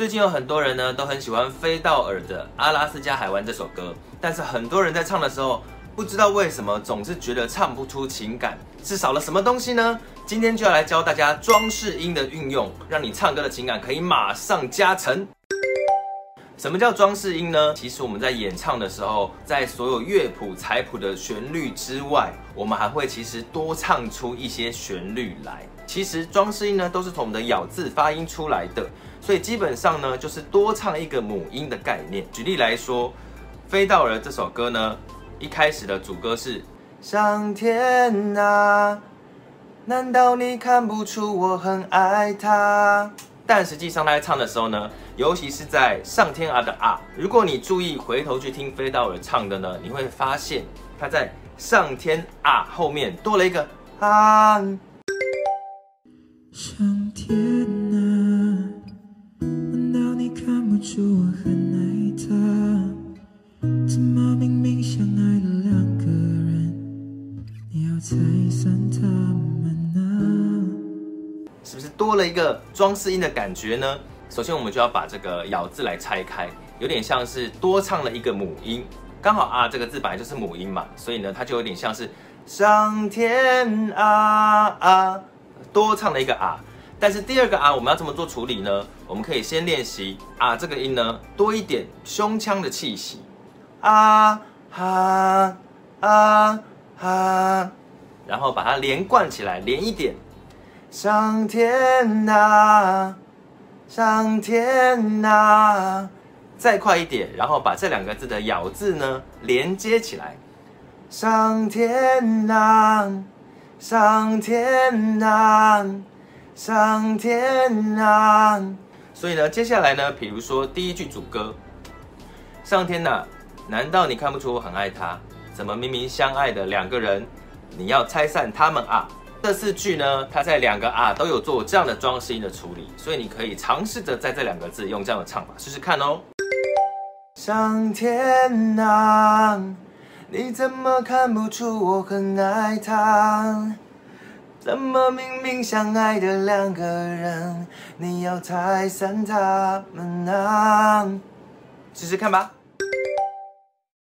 最近有很多人呢都很喜歡菲道爾的《阿拉斯加海灣》這首歌，但是很多人在唱的時候，不知道為什麼總是覺得唱不出情感，是少了什麼東西呢？今天就要來教大家裝飾音的運用，讓你唱歌的情感可以馬上加成。什麼叫裝飾音呢？其實我們在演唱的時候，在所有樂譜、彩譜的旋律之外，我們還會其實多唱出一些旋律來。其實裝飾音呢，都是從我們的咬字發音出來的，所以基本上呢，就是多唱一個母音的概念。舉例來說，《菲道爾》這首歌呢，一開始的主歌是：上天啊，難道你看不出我很愛他？但實際上，他在唱的時候呢，尤其是在上天啊的啊，如果你注意回頭去聽菲道爾唱的呢，你會發現他在上天啊後面多了一個啊。多了一個裝飾音的感覺呢。首先，我們就要把這個“咬”字來拆開，有點像是多唱了一個母音。剛好啊，這個字本來就是母音嘛，所以呢，它就有點像是上天啊啊，多唱了一個啊。但是第二個啊，我們要怎麼做處理呢？我們可以先練習啊這個音呢，多一點胸腔的氣息啊哈啊哈、啊啊，啊啊，然後把它連貫起來，連一點。上天吶，上天吶，再快一點，然後把這兩個字的咬字呢連接起來。上天吶，上天吶，上天吶。所以呢，接下來呢，比如說第一句主歌，上天吶，難道你看不出我很愛他？怎麼明明相愛的兩個人，你要拆散他們啊？這四句呢，它在兩個啊都有做這樣的裝飾音的處理，所以你可以嘗試着在這兩個字用這樣的唱法試試看哦。上天啊，你怎麼看不出我很愛他？怎麼明明相愛的兩個人，你要拆散他們啊？試試看吧。